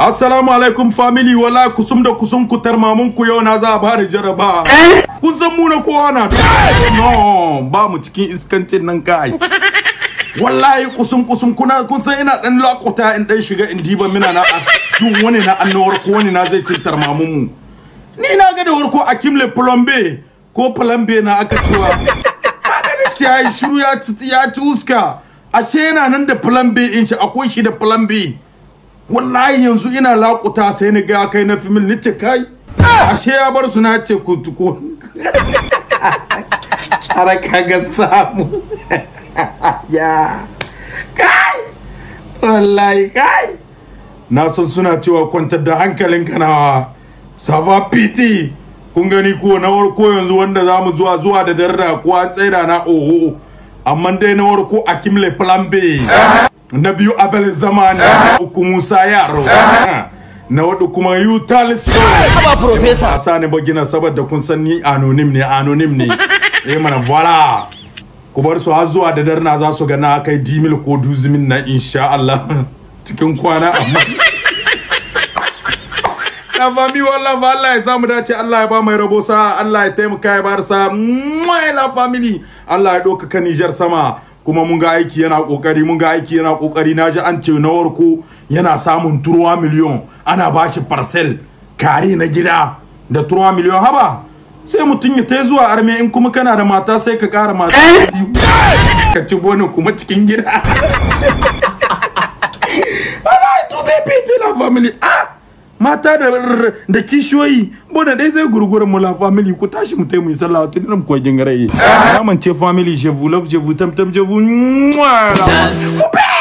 Assalamu alaikum family wala kusum da kusum ku tarmamun ku yau na za a bada jaraba. Eh? Kun san mu na kowa na No, ba mu cikin iskancin nan kai. Wallahi kusum kusum kuna kun san ina dan lakota in dan shiga in diba mina na shin wani na annawar ko wani na zai ci tarmamun mu. Ni na ga da warko Akim le Plombe ko Plombe na aka cewa. Ka shi ya shiru ya ci ya ci uska. Ashe yana nan da Plombe in ci akwai shi da Plombe. wallahi yanzu ina laƙuta sai ni ga kai na fimin ni ce kai ashe ya bar su na ce ku tuko ara ga samu ya kai wallahi kai na san suna cewa kwantar da hankalin kanawa sava piti kun gani ko na warko yanzu wanda zamu zuwa zuwa da darda ko an tsaida na oho oh, oh. amma dai na warko akimle plan b na biyu abel zamani na eh. uku musa yaro eh. Eh. na wadu kuma utalis ba professor sa ne bagina saboda kun san ni anonym ne anonym ne eh mana voila ku bar su har zuwa da darna za su ga na kai dimil ko duzimin na insha Allah cikin kwana amma na fami wallah ba Allah ya samu dace Allah ya ba mai rabo sa Allah ya taimaka ya bar sa la family Allah ya doka kan Niger sama kuma mun ga aiki yana kokari mun ga aiki yana kokari na ji an ce na warko yana samun turwa miliyon ana bashi parcel kare na gida da turwa miliyon haba sai mutum ya tai zuwa arme in kuma kana da mata sai ka kara mata eh! ka ci bone kuma cikin gida ala to dai pete la family ah mata da da kishoyi bona dai sai gurgurun mu la family ku tashi mu tai mu sallah tun nan ko jin garaye amince family je vous love je vous tam tam je vous